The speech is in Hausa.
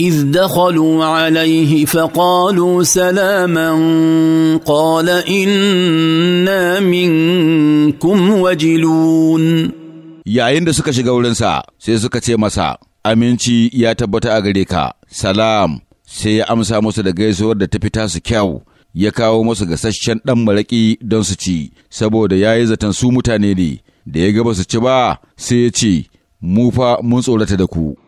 إذ دخلوا عليه فقالوا سلاما قال إنا منكم وجلون yayin da suka shiga wurinsa sai suka ce masa aminci ya tabbata a gare ka salam sai ya amsa musu da gaisuwar da ta fita su kyau ya kawo musu gasasshen ɗan maraƙi don su ci saboda ya yi zaton su mutane ne da ya gaba su ci ba sai ya ce mu fa mun tsorata da ku